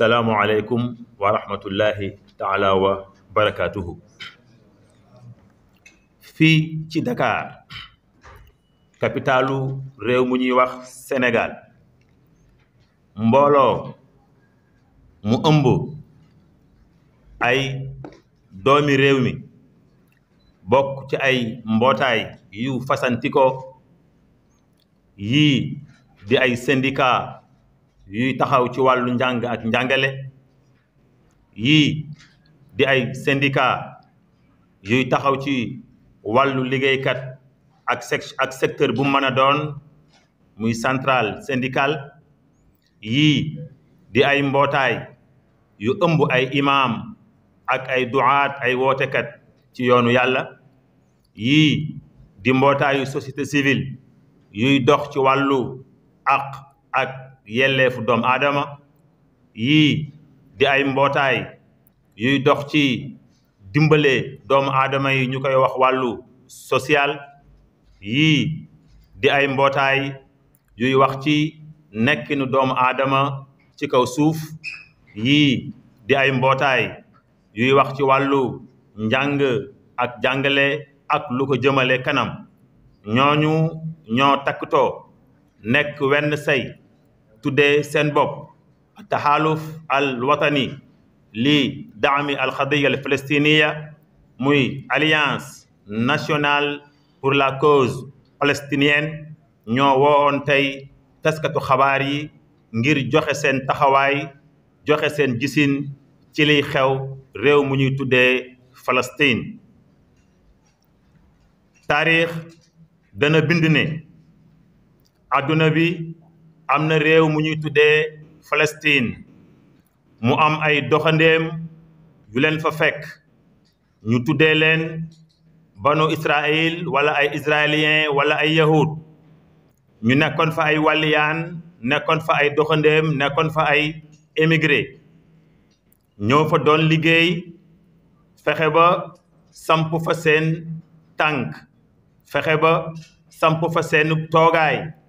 salaamualeykum wa rahmatullahi taala wa barakaatuhu. fii ci Dakar capitalu réew mu ñuy wax Sénégal mbooloo mu ëmb ay doomi réew mi bokk ci ay mbootaay yu fasantikoo yii di ay syndicat yuy taxaw ci wàllu njàng ak njàngale yii di ay syndicat yuy taxaw ci wàllu liggéeykat ak ak secteur bu mën a doon muy centrale syndicale yii di ay mbootaay yu ëmb ay imaam ak ay duaat ay wootekat ci yoonu yàlla yii di mbootaayu société civile yuy dox ci wàllu àq ak yelleefu doomu aadama yii di ay mbootaay yuy dox ci dimbale doomu aadama yi ñu koy wax wàllu social yii di ay mbootaay yuy wax ci nekkinu doomu aadama ci kaw suuf yii di ay mbootaay yuy wax ci wàllu njàng ak jàngale ak lu ko jëmale kanam ñooñu ñoo takktoo nekk wenn say tuddee seen bopp taxaaluf al watani li daami al xadiya muy alliance nationale pour la cause palestinienne ñoo woon tey taskatu xabaar yi ngir joxe seen taxawaay joxe seen gisin ci liy xew réew mu ñuy tuddee Palestine taarix dana bind ne bi am na réew mu ñuy tuddee Palestine mu am ay doxandem yu leen fa fekk ñu tuddee leen banu Israël wala ay israélien wala ay yahud ñu nekkoon fa ay wàlliyaan nekkoon fa ay doxandeem nekkoon fa ay émigré ñoo fa doon liggéey fexe ba samp fa seen tànk fexe ba samp fa seen toogaay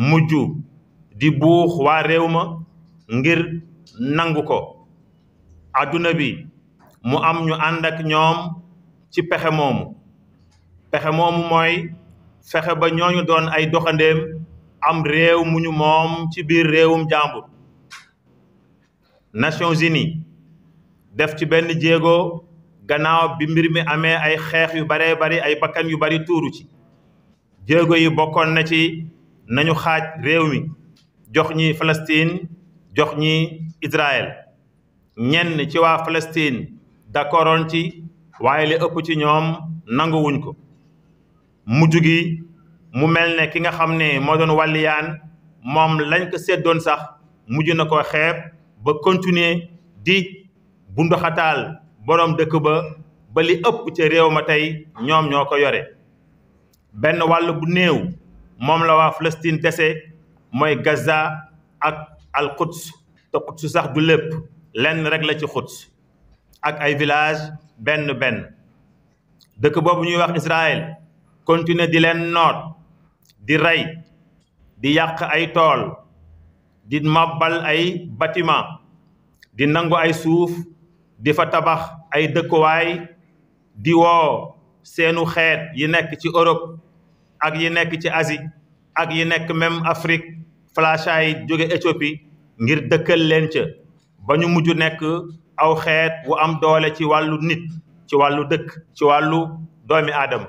mujj di buux waa réew ma ngir nangu ko adduna bi mu am ñu ànd ñoom ci pexe moomu pexe moomu mooy fexe ba ñoo ñooñu doon ay doxandéem am réew mu ñu moom ci biir réewum jàmbur Nations Unies def ci benn jéego gannaaw bi mbir mi amee ay xeex yu baree bari ay bakkan yu bari tuuru ci jéego yi bokkoon na ci nañu xaaj réew mi jox ñi Palestine jox ñi Israël ñenn ci waa Palestine d'accordoon ci waaye li ëpp ci ñoom nanguwuñ ko mujj gi mu mel ne ki nga xam ne moo doon wàlliyaan moom lañ ko seddoon sax mujj na ko xeeb ba continuer di bunduxataal boroom dëkk ba ba li ëpp ca réew ma tey ñoom ñoo ko yore benn wàll bu néew moom la waa Palestine dese mooy Gaza ak al Quds te Quds sax du lépp lenn rekk la ci Quds ak ay village benn benn dëkk boobu ñuy wax Israël continuer di leen noot di rey di yàq ay tool di mabbal ay bâtiment di nangu ay suuf di fa tabax ay dëkkuwaay di woo seenu xeet yi nekk ci Europe ak yi nekk ci asi ak yi nekk même Afrique flasha yi jóge Éthiopie ngir dëkkal leen ca ba ñu mujj nekk aw xeet wu am doole ci wàllu nit ci wàllu dëkk ci wàllu doomi aadama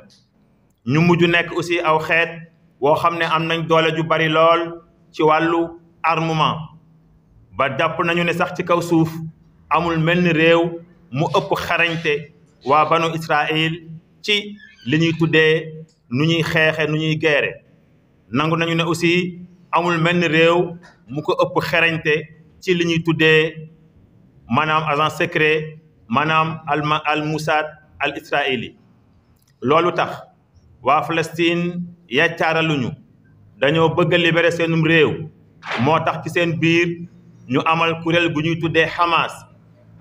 ñu mujj nekk aussi aw xeet woo xam ne am nañ doole ju bari lool ci wàllu armement ba jàpp nañu ne sax ci kaw suuf amul mel ni réew mu ëpp xarañte waa banu Israël ci li nu ñuy xeexe nu ñuy geere nangu nañu ne aussi amul menn réew mu ko ëpp xerañte ci li ñuy tuddee maanaam agent secret maanaam alma al musaad al israeli loolu tax waa Palestine yaccaaraluñu dañoo bëgg a seenum réew moo tax ci seen biir ñu amal kuréel gu ñuy tuddee Hamas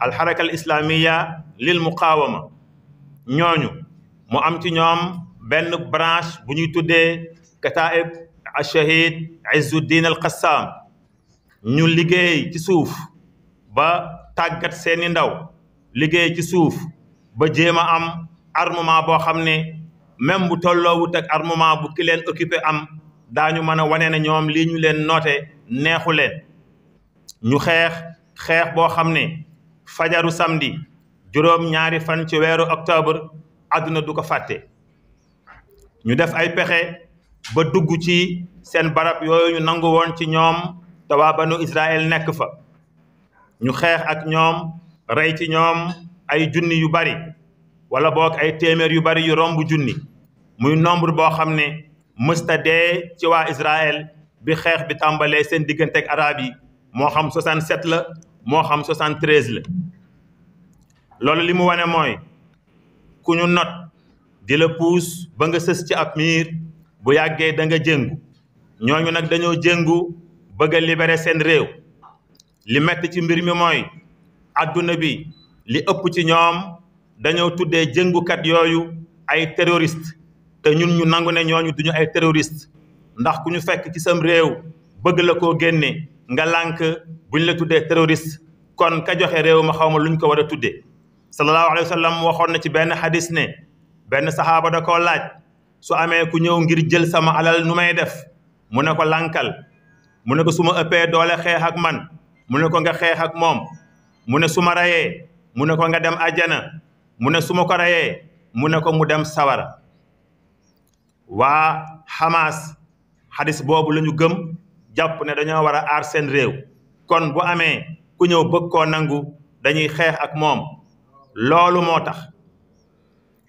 al xaraka al islamiya lil muqaawama ñooñu mu am ci ñoom benn branche bu ñuy tuddee kataib ashahid izzuddin al qassam ñu liggéey ci suuf ba tàggat seeni ndaw liggéey ci suuf ba jéem a am armement boo xam ne même bu tolloowut ak armement bu ki leen am daañu mën a wane ne ñoom lii ñu leen noote neexu leen ñu xeex xeex boo xam ne fajaru samedi juróom ñaari fan ci weeru octobre àdduna du ko fàtte ñu def ay pexe ba dugg ci seen barab yooyu ñu nangu woon ci ñoom te waa banu Israël nekk fa ñu xeex ak ñoom rey ci ñoom ay junni yu bari wala boog ay téeméer yu bari yu romb junni muy nombre boo xam ne mësta dee ci waa Israël bi xeex bi tàmbalee seen digganteek araab yi moo xam 67 la moo xam 73 la loolu li mu wane mooy ku ñu not di la puus ba nga sës ci ab miir bu yàggee da nga jëngu ñooñu nag dañoo jëngu bëgg a libéré seen réew li metti ci mbir mi mooy adduna bi li ëpp ci ñoom dañoo tuddee jëngukat yooyu ay terroriste te ñun ñu nangu ne ñooñu duñu ay terroriste ndax ku ñu fekk ci sam réew bëgg la koo génne nga lànk buñ la tuddee terroriste kon ka joxe réew ma xaw ma luñ ko war a tuddee sallallahu alayhi wa sallam waxoon na ci benn xadis ne benn saxaaba da koo laaj su amee ku ñëw ngir jël sama alal nu may def mu ne ko lànkal mu ne ko su ma ëppee doole xeex ak man mu ne ko nga xeex ak moom mu ne su ma rayee mu ne ko nga dem àjjana mu ne su ma ko rayee mu ne ko mu dem sawara waa xamaas xadis boobu la ñu gëm jàpp ne dañoo war a aar seen réew kon bu amee ku ñëw bëgg koo nangu dañuy xeex ak moom loolu moo tax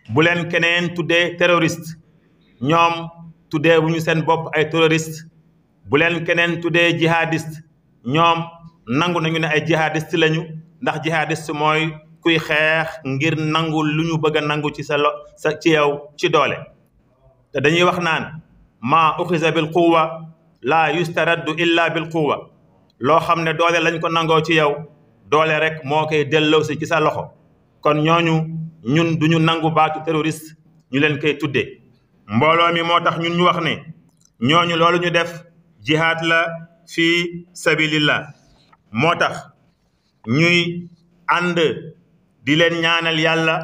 bu leen keneen tuddee terroriste ñoom tuddee wu ñu seen bopp ay terroriste bu leen keneen tuddee jihadiste ñoom nangu nañu ne ay jihadiste lañu ndax jihadiste mooy kuy xeex ngir nangu lu ñu bëgg a nangu ci sa lo sa ci yow ci doole te dañuy wax naan ma uxiza bil quwa la yustaraddu illa bil quwa loo xam ne doole lañ ko nangoo ci yow doole rek moo koy delloosi ci sa loxo kon ñooñu ñun duñu nangu baatu terroriste ñu leen koy tuddee mbooloo mi moo tax ñun ñu wax ne ñooñu loolu ñu def jihaad la fii sabilillah moo tax ñuy ànd di leen ñaanal yàlla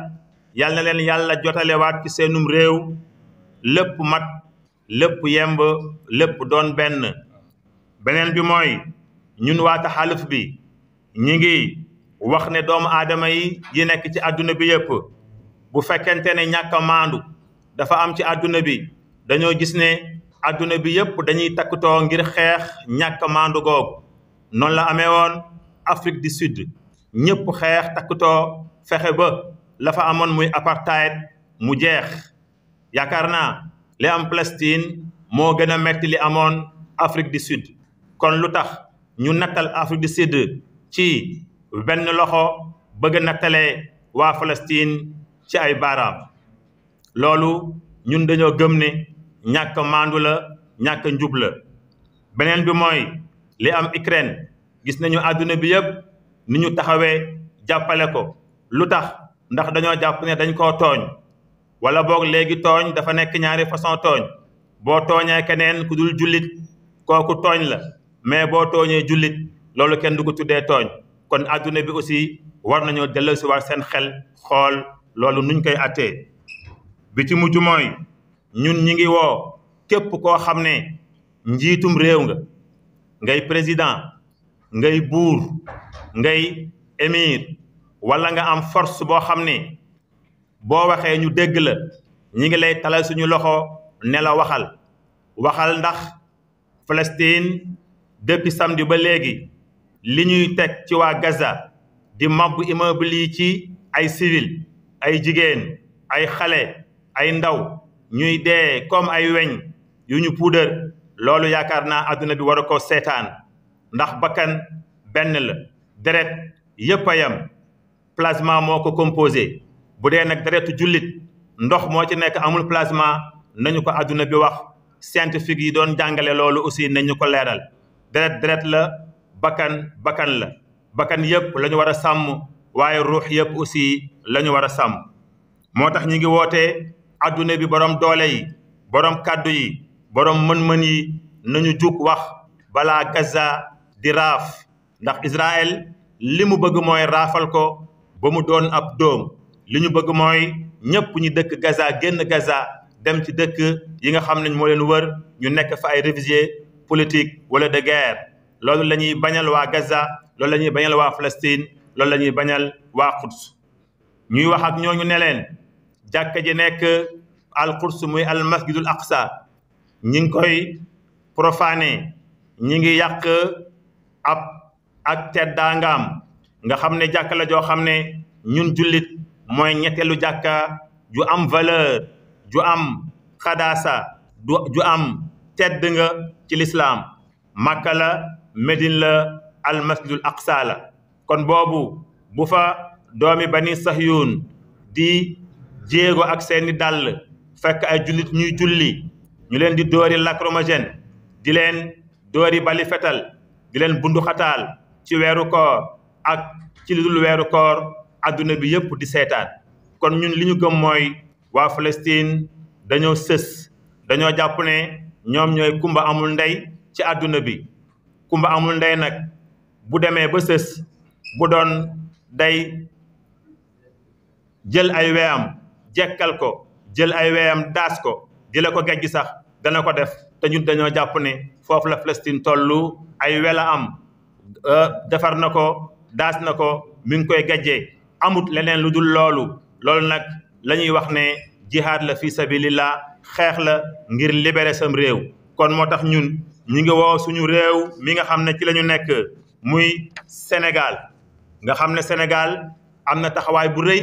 yal leen yàlla jotalewaat ci seenum réew lépp mat lépp yemb lépp doon benn beneen bi mooy ñun waa taxaluf bi ñi ngi wax ne doomu aadama yi yi nekk ci àdduna bi yëpp bu fekkente ne ñàkk a dafa am ci àdduna bi dañoo gis ne àdduna bi yëpp dañuy takkutoo ngir xeex ñàkk a googu noonu la amee woon Afrique di Sud ñëpp xeex takkutoo fexe ba la fa amoon muy apartheid mu jeex yaakaar naa li am Palestine moo gën a metti li amoon Afrique di Sud kon lu tax ñu nattal Afrique du Sud ci benn loxo bëgg na tale waa Palestine ci ay baaraam loolu ñun dañoo gëm ne ñàkk maandu la ñàkk njubla beneen bi mooy li am Ukraine gis nañu àdduna bi yëpp ni ñu taxawee jàppale ko lu tax ndax dañoo jàpp ne dañ ko tooñ wala boog léegi tooñ dafa nekk ñaari façon tooñ boo tooñee keneen ku dul jullit kooku tooñ la mais boo tooñee jullit loolu kenn du ko tuddee tooñ kon adduna bi aussi war nañoo delloo war seen xel xool loolu nuñ koy attee bi ci mujj mooy ñun ñi ngi woo képp koo xam ne njiitum réew nga ngay président ngay buur ngay émir wala nga am force boo xam ne boo waxee ñu dégg la ñi ngi lay talal suñu loxo ne la waxal waxal ndax Palestine depuis samedi ba léegi li ñuy teg ci waa Gaza di mabbu immeuble lii ci ay civil ay jigéen ay xale ay ndaw ñuy dee kom ay weñ yu ñu puudar loolu yaakaar naa adduna bi war a ko seetaan ndax bakkan benn la deret yëpp a yem plasma moo ko composé bu dee nag deretu jullit ndox moo ci nekk amul plasma ñu ko adduna bi wax scientifique yi doon jàngale loolu aussi nañu ko leeral deret deret la bakkan bakkan la bakkan yëpp la ñu war a sàmm waaye ruux yëpp aussi la ñu war a sàmm moo tax ñu ngi wootee adduna bi borom doole yi borom kàddu yi borom mën-mën yi nañu jug wax balaa Gaza di raaf ndax Israël li mu bëgg mooy raafal ko ba mu doon ab doom li ñu bëgg mooy ñëpp ñu dëkk Gaza génn Gaza dem ci dëkk yi nga xam ne moo leen wër ñu nekk fa ay réfugiés politique wala de guerre loolu la ñuy bañal waa Gaza loolu la ñuy bañal waa Palestine loolu la ñuy bañal waa Quds ñuy wax ak ñooñu ne leen jàkka ji nekk al Quds muy al masjidul aqsa ñi ngi koy profané ñi ngi yàq ab ak teddaangaam nga xam ne jàkka la joo xam ne ñun jullit mooy ñetteelu jàkka ju am valeur ju am xadaasa ju am tedd ci lislaam Makka medinla la almasjidul aksala kon boobu bu fa doomi bani sahyun di jéego ak seeni dàll fekk ay jullit ñuy julli ñu leen di dóori lacrymogène di leen dóori bali fetal di leen bunduxataal ci weeru ak ci lu dul weeru bi yépp di seetaan kon ñun li ñu gëm mooy waa Palestine dañoo sës dañoo jàpp ne ñoom ñooy kumba amul ndey ci àdduna bi kumba amul ndey nag bu demee ba sës bu doon day jël ay weyam jekkal ko jël ay weyam daas ko jëla ko gejj sax dana ko def te ñun dañoo jàpp ne foofu la Palestine tollu ay wela am defar na ko daas na ko mi ngi koy gejjee amut leneen lu dul loolu loolu nag lañuy wax ne jihaad la fi sabilillah xeex la ngir libérer sam réew kon moo tax ñun ñi ngi woo suñu réew mi nga xam ne ci lañu nekk muy Sénégal nga xam ne Sénégal am na taxawaay bu rëy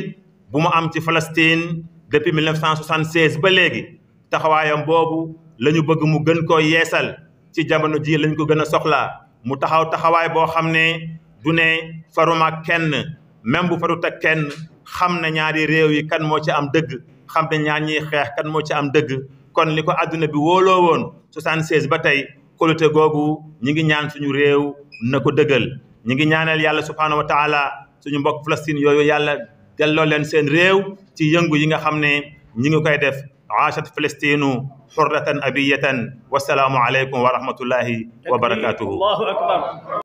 bu mu am ci Palestine depuis 1976 ba léegi taxawaayam boobu la ñu bëgg mu gën koo yeesal ci jamono ji lañ ko gën a soxlaa mu taxaw taxawaay boo xam ne du ne faruma kenn même bu faruta kenn xam na ñaari réew yi kan moo ci am dëgg xam na ñaar ñiy xeex kan moo ci am dëgg kon li ko àdduna bi wooloo woon 76 ba tey kóolute googu ñi ngi ñaan suñu réew na ko dëggal ñi ngi ñaanal yàlla subhaanahu wa taala suñu mbokk Palestine yooyu yàlla delloo leen seen réew ci yëngu yi nga xam ne ñi ngi koy def aashat Palestinu xurratan abiyatan wasalaamu aleykum wa rahmatullahi wa barakatuhu